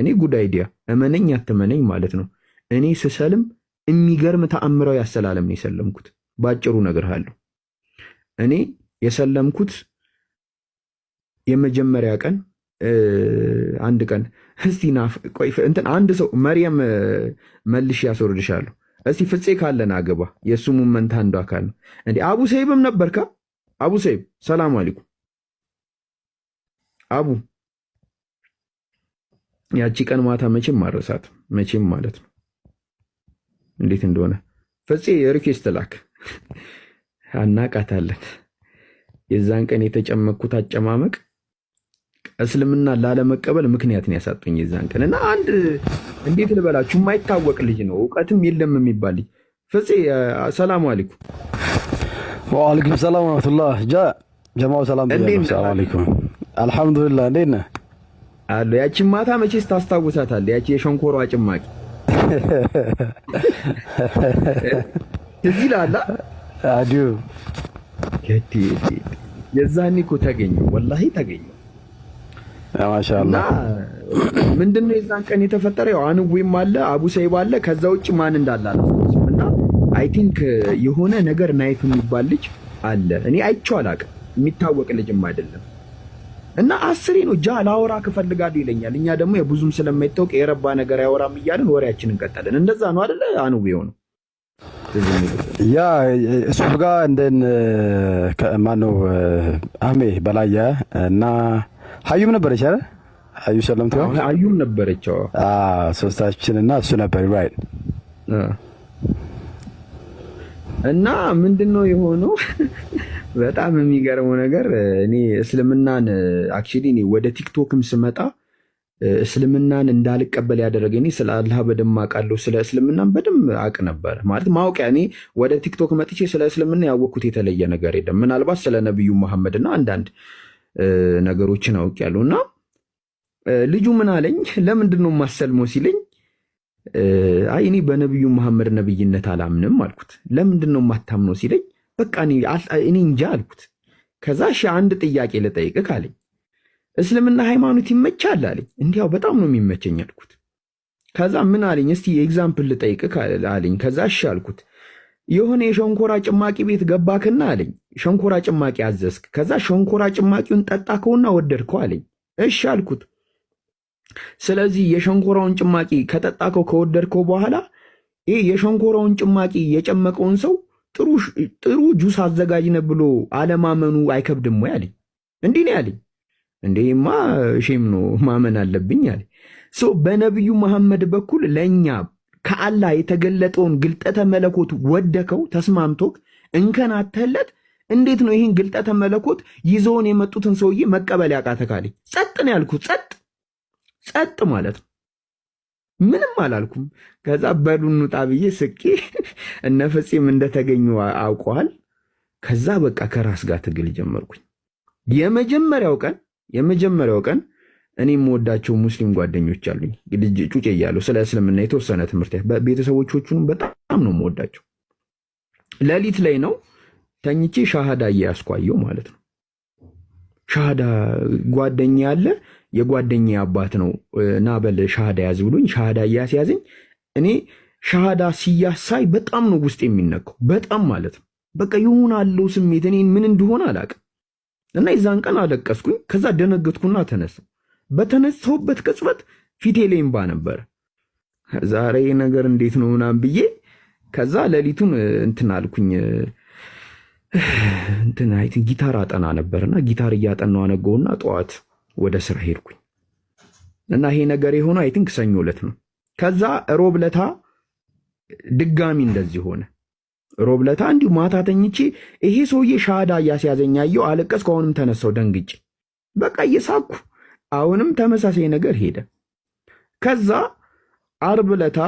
እኔ ጉድ አይዲያ እመነኝ አትመነኝ ማለት ነው። እኔ ስሰልም የሚገርም ተአምራዊ አሰላለም ነው የሰለምኩት። በአጭሩ እነግርሃለሁ። እኔ የሰለምኩት የመጀመሪያ ቀን አንድ ቀን እስቲ እንትን አንድ ሰው መርየም መልሽ ያስወርድሻለሁ። እስቲ ፍፄ ካለን አገባ የእሱ ሙመንት አንዱ አካል ነው። እንደ አቡ ሰይብም ነበርካ። አቡ ሰይብ ሰላም አለይኩም አቡ ያቺ ቀን ማታ መቼም ማረሳት መቼም ማለት ነው። እንዴት እንደሆነ ፈፄ የሪኩዌስት ላክ አናቃታለን። የዛን ቀን የተጨመቅኩት አጨማመቅ እስልምና ላለመቀበል ምክንያትን ያሳጡኝ የዛን ቀን እና አንድ እንዴት ልበላችሁ የማይታወቅ ልጅ ነው፣ እውቀትም የለም የሚባል ልጅ ፈፄ። ሰላሙ አለይኩም። ወአለይኩም ሰላም ወራህመቱላህ ጃ ጀማው ሰላም። አልሐምዱሊላህ እንዴት ነህ? አለ ያቺን ማታ መቼስ ታስታውሳታለህ። ያቺ የሸንኮሯ ጭማቂ እዚህ ላላ አዲሁ ገዲ የዛኔ እኮ ተገኘሁ፣ ወላሂ ተገኘሁ። ማሻአላህ ምንድነው የዛን ቀን የተፈጠረ ያው አንዌም አለ አቡ ሰይባ አለ። ከዛ ውጭ ማን እንዳለ አላስታውስም። እና አይ ቲንክ የሆነ ነገር ናይፍ የሚባል ልጅ አለ እኔ አይቼው አላውቅም። የሚታወቅ ልጅም አይደለም እና አስሬ ነው ጃ ላወራህ እፈልጋለሁ ይለኛል። እኛ ደግሞ የብዙም ስለማይታወቅ የረባ ነገር አያወራም እያልን ወሬያችንን እንቀጣለን። እንደዛ ነው አደለ? አኑ የሆነው ያ እሱ ጋር እንደን ማነው አሜ በላያ እና ሀዩም ነበረች አይደል? አዩ ሰለምት አዩም ነበረች። ሶስታችን እና እሱ ነበር ራይት እና ምንድን ነው የሆነው በጣም የሚገርመው ነገር እኔ እስልምናን አክቹዋሊ እኔ ወደ ቲክቶክም ስመጣ እስልምናን እንዳልቀበል ያደረገ እኔ ስለ አላህ በደንብ አውቃለሁ። ስለ እስልምናን በደንብ አውቅ ነበር ማለት ማወቂያ። እኔ ወደ ቲክቶክ መጥቼ ስለ እስልምና ያወቅኩት የተለየ ነገር የለም። ምናልባት ስለ ነቢዩ መሐመድና አንዳንድ ነገሮችን አውቄያለሁ። እና ልጁ ምን አለኝ፣ ለምንድን ነው የማሰልመው ሲለኝ አይ እኔ በነቢዩ መሐመድ ነብይነት አላምንም አልኩት። ለምንድን ነው የማታምነው ሲለኝ በቃ እኔ እንጃ አልኩት። ከዛ ሺ አንድ ጥያቄ ልጠይቅህ አለኝ። እስልምና ሃይማኖት ይመቻል አለኝ። እንዲያው በጣም ነው የሚመቸኝ አልኩት። ከዛ ምን አለኝ፣ እስቲ ኤግዛምፕል ልጠይቅህ አለኝ። ከዛ እሺ አልኩት። የሆነ የሸንኮራ ጭማቂ ቤት ገባክና አለኝ፣ ሸንኮራ ጭማቂ አዘዝክ። ከዛ ሸንኮራ ጭማቂውን ጠጣከውና ወደድከው አለኝ። እሺ አልኩት። ስለዚህ የሸንኮራውን ጭማቂ ከጠጣከው ከወደድከው በኋላ ይህ የሸንኮራውን ጭማቂ የጨመቀውን ሰው ጥሩ ጁስ አዘጋጅ አዘጋጅነ ብሎ አለማመኑ አይከብድም ወይ አለኝ። እንዲህ ነው ያለኝ። እንዴማ ሼም ነው ማመን አለብኝ አለ። በነቢዩ መሐመድ በኩል ለእኛ ከአላህ የተገለጠውን ግልጠተ መለኮት ወደከው ተስማምቶክ እንከናተለት እንዴት ነው ይህን ግልጠተ መለኮት ይዘውን የመጡትን ሰውዬ መቀበል ያቃተካል? ጸጥ ነው ያልኩ፣ ጸጥ ጸጥ ማለት ነው። ምንም አላልኩም። ከዛ በሉ እንውጣ ብዬ ስቄ እነ እንደተገኙ አውቀዋል። ከዛ በቃ ከራስ ጋር ትግል ጀመርኩኝ። የመጀመሪያው ቀን የመጀመሪያው ቀን እኔ የምወዳቸው ሙስሊም ጓደኞች አሉኝ። ጩጭ እያለሁ ስለ እስልምና የተወሰነ ትምህርት ቤተሰቦቹንም በጣም ነው የምወዳቸው። ሌሊት ላይ ነው ተኝቼ ሻሃዳ እያያስኳየው ማለት ነው ሻሃዳ ጓደኛ ያለ የጓደኛ አባት ነው እና በል ሻሃዳ ያዝ ብሎኝ ሻሃዳ እያስያዘኝ እኔ ሻሃዳ ሲያሳይ በጣም ነው ውስጥ የሚነካው። በጣም ማለት ነው በቃ የሆነ አለው ስሜት እኔ ምን እንደሆነ አላቅም። እና የዛን ቀን አለቀስኩኝ። ከዛ ደነገጥኩና ተነሳሁ። በተነሳሁበት ቅጽበት ፊቴ ላይ እምባ ነበር። ዛሬ ነገር እንዴት ነው ምናምን ብዬ ከዛ ሌሊቱን እንትን አልኩኝ እንትን ጊታር አጠና ነበርና ጊታር እያጠናው አነገውና ጠዋት ወደ ስራ ሄድኩኝ እና ይሄ ነገር የሆነ አይ ቲንክ ሰኞ ዕለት ነው። ከዛ ሮብ ድጋሚ እንደዚህ ሆነ። ሮብ እንዲሁ ማታ ተኝቼ ይሄ ሰውዬ ሻዳ እያስያዘኝ ያየው አለቀስኩ። አሁንም ተነሳው ደንግጬ በቃ እየሳኩ አሁንም ተመሳሳይ ነገር ሄደ። ከዛ አርብ ዕለታ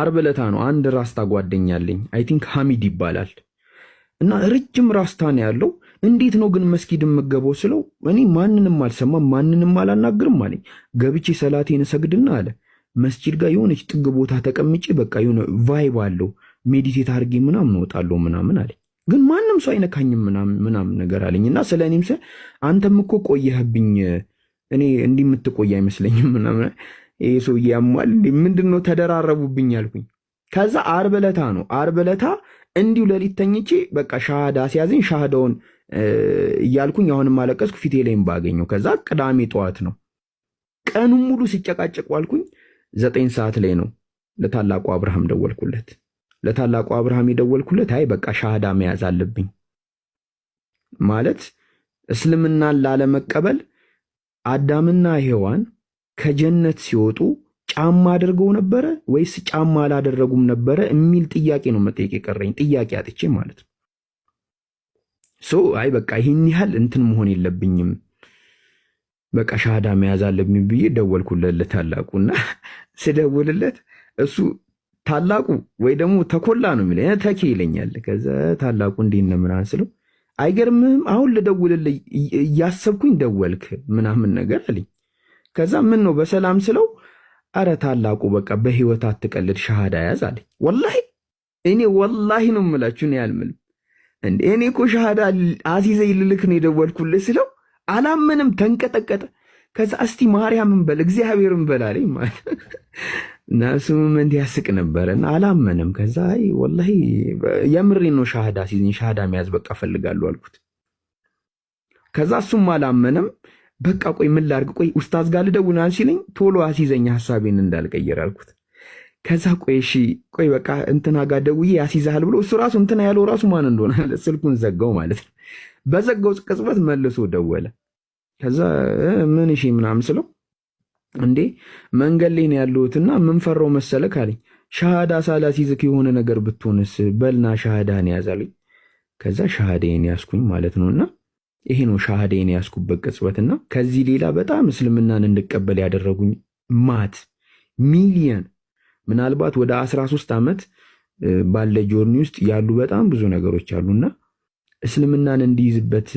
አርብ ነው አንድ ራስታ ጓደኛለኝ አይ ቲንክ ሐሚድ ይባላል እና ረጅም ራስታ ነው ያለው እንዴት ነው ግን መስጊድ የምገባው ስለው እኔ ማንንም አልሰማም ማንንም አላናግርም አለኝ። ገብቼ ሰላቴን እሰግድና አለ መስጂድ ጋር የሆነች ጥግ ቦታ ተቀምጬ በቃ የሆነ ቫይብ አለው ሜዲቴት አድርጌ ምናምን እወጣለሁ ምናምን አለ። ግን ማንም ሰው አይነካኝም ምናምን ነገር አለኝ እና ስለ እኔም ስል አንተም እኮ ቆየህብኝ እኔ እንዲህ የምትቆይ አይመስለኝም ምናምን ይሄ ሰው ያሟል ምንድን ነው ተደራረቡብኝ አልኩኝ። ከዛ ዓርብ ዕለታ ነው ዓርብ ዕለታ እንዲሁ ለሊት ተኝቼ በቃ ሻሃዳ ሲያዝኝ ሻሃዳውን እያልኩኝ አሁንም አለቀስኩ። ፊቴ ላይም ባገኘው። ከዛ ቅዳሜ ጠዋት ነው ቀኑን ሙሉ ሲጨቃጨቁ አልኩኝ። ዘጠኝ ሰዓት ላይ ነው ለታላቁ አብርሃም ደወልኩለት። ለታላቁ አብርሃም የደወልኩለት አይ በቃ ሻሃዳ መያዝ አለብኝ ማለት እስልምናን ላለመቀበል አዳምና ሔዋን ከጀነት ሲወጡ ጫማ አድርገው ነበረ ወይስ ጫማ አላደረጉም ነበረ የሚል ጥያቄ ነው መጠየቅ የቀረኝ ጥያቄ አጥቼ ማለት ነው። ሶ አይ በቃ ይህን ያህል እንትን መሆን የለብኝም በቃ ሻሃዳ መያዝ አለብኝ ብዬ ደወልኩለት ታላቁና ስደውልለት እሱ ታላቁ ወይ ደግሞ ተኮላ ነው የሚለኝ ተኬ ይለኛል። ከዛ ታላቁ እንዴት ነው ምናምን ስለው አይገርምህም አሁን ልደውልልህ እያሰብኩኝ ደወልክ ምናምን ነገር አለኝ። ከዛ ምን ነው በሰላም ስለው አረ ታላቁ በቃ በህይወት አትቀልድ ሻሃዳ ያዝ አለኝ። ወላሂ እኔ ወላሂ ነው የምላችሁ እኔ አልምልም። እንዴ እኔ እኮ ሻሃዳ አሲዘኝ ይልልክ ነው የደወልኩልህ ስለው አላመንም፣ ተንቀጠቀጠ። ከዛ እስቲ ማርያምን በል እግዚአብሔርን በል አለኝ ማለት እና እሱም እንዲህ ያስቅ ነበረ እና አላመንም። ከዛ አይ ወላሂ የምሬ ነው ሻሃዳ ሲዝኝ ሻሃዳ መያዝ በቃ እፈልጋለሁ አልኩት። ከዛ እሱም አላመንም። በቃ ቆይ ምን ላድርግ፣ ቆይ ኡስታዝ ጋር ልደውል ሲለኝ ቶሎ አሲዘኝ ሀሳቤን እንዳልቀየር አልኩት። ከዛ ቆይ እሺ ቆይ በቃ እንትና ጋር ደውዬ ያስይዛል ብሎ እሱ ራሱ እንትና ያለው ራሱ ማን እንደሆነ ስልኩን ዘጋው ማለት ነው። በዘጋው ቅጽበት መልሶ ደወለ። ከዛ ምን እሺ ምናምን ስለው እንዴ መንገድ ላይ ነው ያለሁትና የምንፈራው መሰለ ካለኝ ሻሃዳ ሳላስይዝክ የሆነ ነገር ብትሆንስ በልና ሻሃዳን ያዛለኝ። ከዛ ሻሃዴን ያስኩኝ ማለት ነው እና ይሄ ነው ሻሃዴን ያስኩበት ቅጽበትና ከዚህ ሌላ በጣም እስልምናን እንድቀበል ያደረጉኝ ማት ሚሊየን ምናልባት ወደ 13 ዓመት ባለ ጆርኒ ውስጥ ያሉ በጣም ብዙ ነገሮች አሉና እስልምናን እንዲይዝበት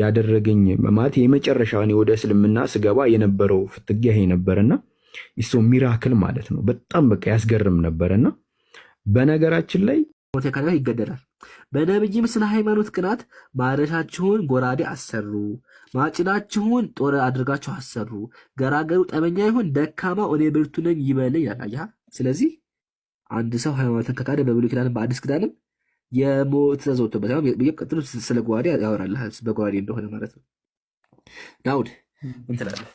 ያደረገኝ ማለት የመጨረሻ እኔ ወደ እስልምና ስገባ የነበረው ፍትጊያ ይሄ ነበርና ይሶ ሚራክል ማለት ነው። በጣም በቃ ያስገርም ነበርና በነገራችን ላይ ሞቴካሪያ ይገደላል። በነብይም ስለ ሃይማኖት ቅናት ማረሻችሁን ጎራዴ አሰሩ፣ ማጭዳችሁን ጦር አድርጋችሁ አሰሩ። ገራገሩ ጠበኛ ይሁን ደካማ እኔ ብርቱ ነኝ ይበል ይላል። ስለዚህ አንድ ሰው ሃይማኖትን ከካደ በብሉይ ኪዳንም በአዲስ ኪዳንም የሞት ትእዛዝ ወጥቶበት ቀጥሎ ስለ ጓዴ ያወራል። በጓዴ እንደሆነ ማለት ነው። ናውድ እንትላለን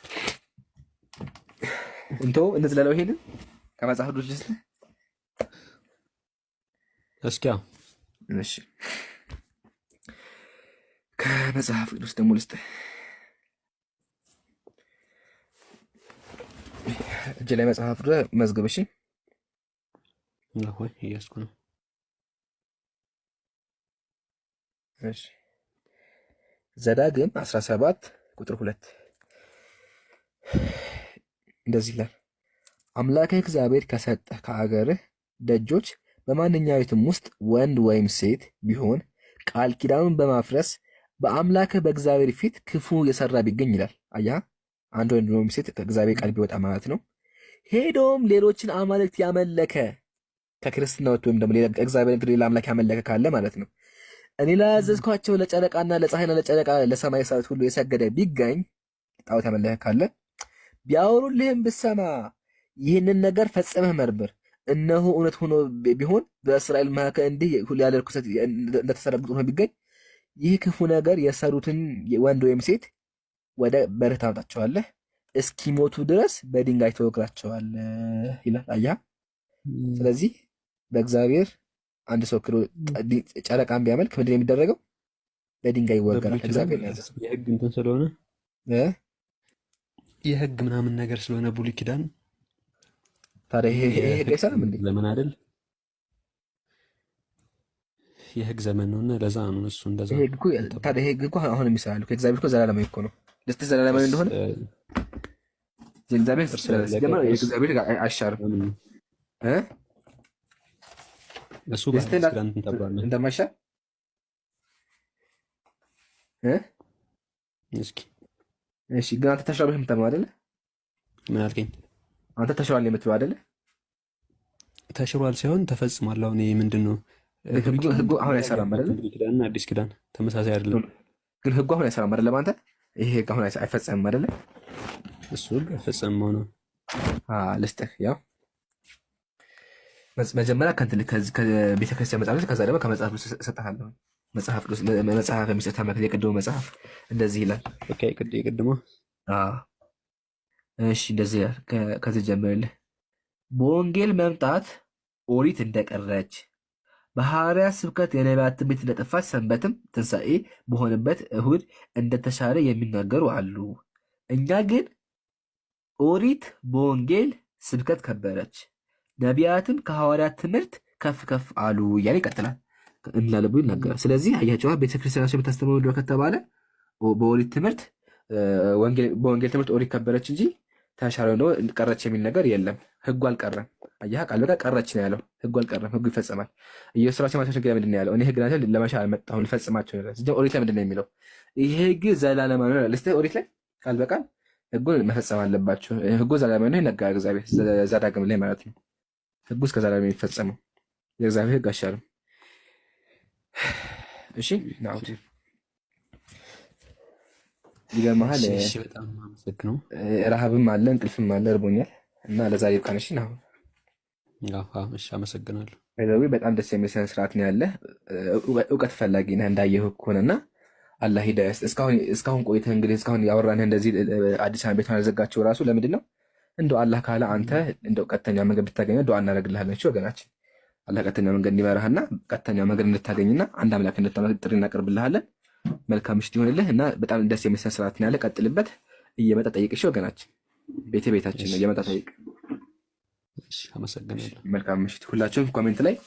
እንቶ እንዝለለው ይሄንን ከመጽሐፍ ቅዱስ ስ እስኪያ ከመጽሐፍ ቅዱስ ደግሞ ልስጥ እጅ ላይ መጽሐፍ መዝግብ እሺ። አሁን እያስኩ ነው። እሺ ዘዳግም 17 ቁጥር 2 እንደዚህ ይላል አምላክህ እግዚአብሔር ከሰጠህ ከአገርህ ደጆች በማንኛዊትም ውስጥ ወንድ ወይም ሴት ቢሆን ቃል ኪዳኑን በማፍረስ በአምላክህ በእግዚአብሔር ፊት ክፉ የሰራ ቢገኝ ይላል። አያ አንድ ወንድ ወይም ሴት ከእግዚአብሔር ቃል ቢወጣ ማለት ነው። ሄዶም ሌሎችን አማልክት ያመለከ ከክርስትና ወጥቶ ወይም ደግሞ እግዚአብሔር እንግዲህ ሌላ አምላክ ያመለከ ካለ ማለት ነው። እኔ ላዘዝኳቸው ለጨረቃና ለፀሐይና ለጨረቃ ለሰማይ ሰዓት ሁሉ የሰገደ ቢገኝ ጣዖት ያመለከ ካለ ቢያወሩልህም ብሰማ ይህንን ነገር ፈጽመህ መርምር። እነሆ እውነት ሆኖ ቢሆን በእስራኤል መካከል እንዲህ ያለ ርኩሰት እንደተሰረግጥ ሆኖ ቢገኝ ይህ ክፉ ነገር የሰሩትን ወንድ ወይም ሴት ወደ በርህ ታወጣቸዋለህ፣ እስኪሞቱ ድረስ በድንጋይ ተወግራቸዋለህ ይላል። አያ ስለዚህ በእግዚአብሔር አንድ ሰው ክዶ ጨረቃን ቢያመልክ ምንድን የሚደረገው በድንጋይ ይወገራል። የህግ እንትን ስለሆነ የህግ ምናምን ነገር ስለሆነ ብሉይ ኪዳን ታዲያ ይሄ ህግ አይሰራም እንዴ? ዘመን አይደል የህግ ዘመን ነውና ለዛ ነው እሱ እንደዛ። ታዲያ ህግ እኮ አሁንም ይሰራል እኮ የእግዚአብሔር እኮ ዘላለማዊ እኮ ነው። ደስተ ዘላለማዊ እንደሆነ የእግዚአብሔር አይሻርም እሱ እንደማይሻ እስኪ እሺ። ግን አንተ ተሽሯል ብለህ የምታምነው አይደለ? ምን አልከኝ? አንተ ተሽሯል የምትለው አይደለ? ተሽሯል ሳይሆን ተፈጽሟል። አሁን ይህ ምንድን ነው? ህጉ አሁን አይሰራም አይደለ? ኪዳንና አዲስ ኪዳን ተመሳሳይ አይደለም። ግን ህጉ አሁን አይሰራም አይደለም? አንተ ይሄ ህግ አሁን አይፈጸምም አይደለ? እሱ ህግ አይፈጸምም። ሆነ ልስጥህ ያው መጀመሪያ ከቤተክርስቲያን መጽሐፍ ከዛ ደግሞ ከመጽሐፍ ቅዱስ እሰጥሃለሁ። መጽሐፍ ቅዱስ መጽሐፍ የሚሰጥ መክል የቅድሞ መጽሐፍ እንደዚህ ይላል። የቅድሞ እሺ፣ እንደዚህ ይላል። ከዚህ ጀምርልህ። በወንጌል መምጣት ኦሪት እንደቀረች በሐዋርያ ስብከት የነቢያት ትንቢት እንደጠፋች ሰንበትም ትንሣኤ በሆነበት እሁድ እንደተሻረ የሚናገሩ አሉ። እኛ ግን ኦሪት በወንጌል ስብከት ከበረች። ነቢያትም ከሐዋርያት ትምህርት ከፍ ከፍ አሉ እያለ ይቀጥላል እንዳለቡ ይናገራል። ስለዚህ አያቸዋ ቤተክርስቲያናቸው የምታስተምረው ምንድን ነው ከተባለ በኦሪት ትምህርት በወንጌል ትምህርት ኦሪት ከበረች እንጂ ተሻለ ነው ቀረች የሚል ነገር የለም። ህጉ አልቀረም። አያ ቃል በቃ ቀረች ነው ያለው። ህጉ አልቀረም። ህጉ ይፈጸማል። ኢየሱስ ራሱ ማቴዎስ ወንጌል ምንድን ነው ያለው? እኔ ህግ ናቸው ለመሻ አልመጣሁም ልፈጽማቸው ይላል። ስለዚህ ኦሪት ላይ ነው የሚለው? ይሄ ህግ ዘላለማዊ ነው ይላል። ስ ኦሪት ላይ ቃል በቃል ህጉን መፈጸም አለባቸው። ህጉ ዘላለማዊ ነው ይነገራል። እግዚአብሔር ዘዳግም ላይ ማለት ነው። ህጉ እስከ ዛሬ የሚፈጸመው የእግዚአብሔር ህግ አይሻርም። እሺ ናት ይገመሃል። ረሃብም አለ እንቅልፍም አለ እርቦኛል እና ለዛሬ ብቃን። እሺ ናሁን አመሰግናለሁ። በጣም ደስ የሚል ስነ ስርዓት ነው ያለ እውቀት ፈላጊ ነህ እንዳየህ ከሆነና አላህ ሂዳያ እስካሁን ቆይተህ እንግዲህ እስካሁን ያወራንህ እንደዚህ አዲስ ቤቷን ያዘጋቸው ራሱ ለምንድን ነው? እንደ አላህ ካለ አንተ እንደው ቀጥተኛ መንገድ ብታገኘው ዱዓ እናደርግልሃለን። እሺ ወገናችን፣ አላህ ቀጥተኛ መንገድ እንዲመራህና ቀጥተኛ መንገድ እንድታገኝና አንድ አምላክ እንድታመልክ ጥሪ እናቀርብልሃለን። መልካም ምሽት ይሆንልህ እና በጣም ደስ የሚሰን ስርዓት ነው ያለ። ቀጥልበት። እየመጣ ጠይቅ። እሺ ወገናችን፣ ቤተ ቤታችን ነው። እየመጣ ጠይቅ። አመሰግናለሁ። መልካም ምሽት። ሁላችሁም ኮሜንት ላይ